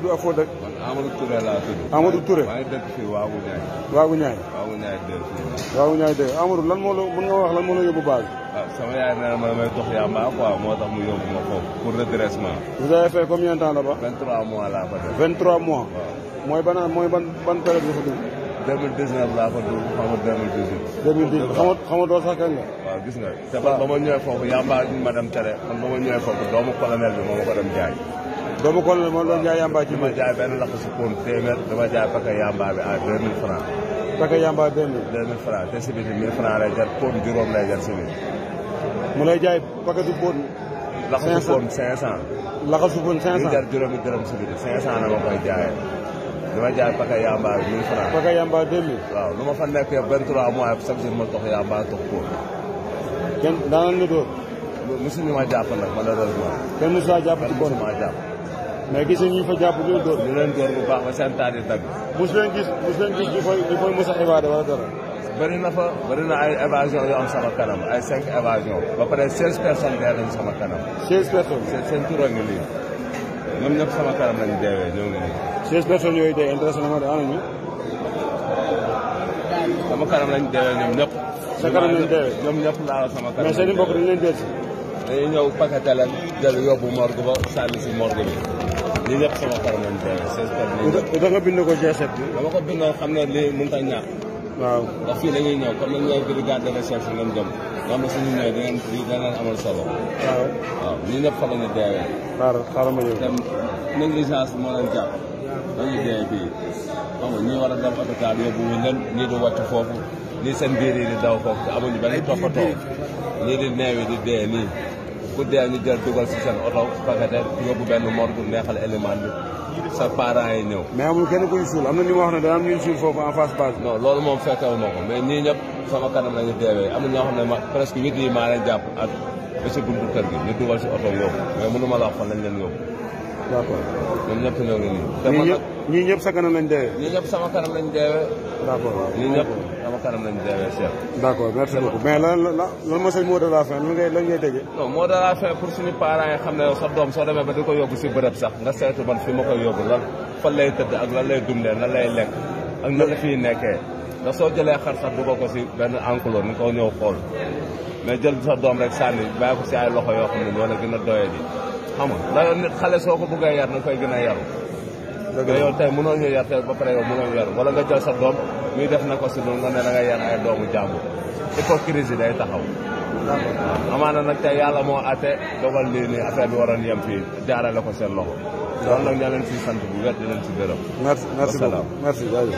tudd ak foo dëkk. man Amadou Touré laa tudd. Amadou Touré maa ngi dëkk fii Waagu Ñaay. Waagu Ñaay. Waagu Ñaay deux. lan moo la mën nga wax lan moo la yóbbu baal. ah sama yaay nee na ma damay tox yàmba quoi moo tax mu yóbbu ma foofu pour redressement. de temps là-bas. 23 mois laa fa def. 23 mois. mooy ban mooy ban ban période nga fa dugg. 2019 laa fa dugg xam nga 2018. 2018 xam nga xam nga doo sax kañ la. waaw gis nga. te man ba ma ñëwee foofu yàmba ma dem tere man ba ma ñëwee doomu colonel moo ma ko dem jaay. doomu kool la moo doon jaay yamba ci ma jaay benn dama jaay paka yamba bi à deux mille franc paka yamba mu lay jaay pakatu poon laxasu poon cinq cent laxasu poon cinq cent jar juróomi dërëm si biti cinq cent na ma koy jaayee dama jaay paka yamba bi mille franc paka yamba deux waaw lu ma fa nekkee vingt trois mois chaque jour ma tox yamba tox poon kenn mosuñu ma jàpp nag malheureusement. kenn mosu ma jàpp ci bon ma jàpp. mais gis ñu fa jàpp ñu dóor. ñu leen bu baax ba seen taat yi dagg. mosu leen gis mosu leen gis ñu fay ñu fay mos a évader na fa bëri na ay évasion yu am sama kanam ay cinq évasion ba pare seize personnes dee nañ sama kanam. seize personnes. seen seen tur a ngi nii ñoom ñëpp sama kanam lañ deewee ñoo ngi nii. seize personnes yooyu dee intéressé de ana ñu. sama kanam lañ deewee ñoom ñëpp. sa kanam lañ deewee ñoom ñëpp laal sama kanam. mais seen i mbokk dañ leen deesi. dañuy ñëw paqueté leen jël yóbbu morgue ba sànni bi lii ñëpp sama kanam lañ deewee seize personnes. da nga bind ko G7 bi. dama ko bindoon xam ne lii mënut a ñàkk. waaw ndax fii dañuy ñëw comme dañu ñëw brigade de recherche lañ nga jàpp. dañuy i fii xam nga ñii war a dem hôpital yóbbu wuñ leen ñii di wàcc foofu nii seen biir yi di daw foofu te amuñu benn toppatoo ñii di neewi di dee nii ku dee ñu jël dugal si seen oto pakete yóbbu benn morgue neexal élément bi sa parents yi ñëw. mais amul kenn kuy suul am ñu ma wax ne dana am ñuy suul foofu en face base non loolu moom fekkewu ma ko mais ñii ñëpp sama kanam la ñu deewee am na ñoo xam ne ma presque huit yi maa leen jàpp ak. ba si buntu kër gi ñu dugal si oto yóbbu mais mënu ma la fan lañ leen yóbbu. d' accord ñoom ñëpp ñoo ngi nii. ñii ñëpp sa kanam lañ deewee. ñii ñëpp sama kanam lañ deewee. d' accord ñii ñëpp sama kanam lañ deewee Cheikh. d' de la fin de la fin pour suñu parents xam ne sa doom soo demee ba di ko yóbbu si bërëb sax nga seetu man fi ma koy yóbbu lan fan lay tëdd ak la lay dundee lan lay lekk ak nan la fiy nekkee. ndax soo jëlee xar sax dugal ko si benn enclos ni ko ñëw xool mais jël sa doom rek sànni bàyyi si ay loxo yoo xam ne ñoo la gën a doye ji xam nga ndax nit xale soo ko bëggee yar na koy gën a yaru te yow tey mënoo ñu yar te ba pare yow mënoo yar wala nga jël sa doom muy def na ko si noonu nga ne da nga yar ay doomu jàmbur hypocrisie day taxaw amaana nag tey yàlla moo ate dogal lii nii affaire bi waroon yem fii jaarale ko seen loxo loolu nag ña leen sant bu wér si gërëm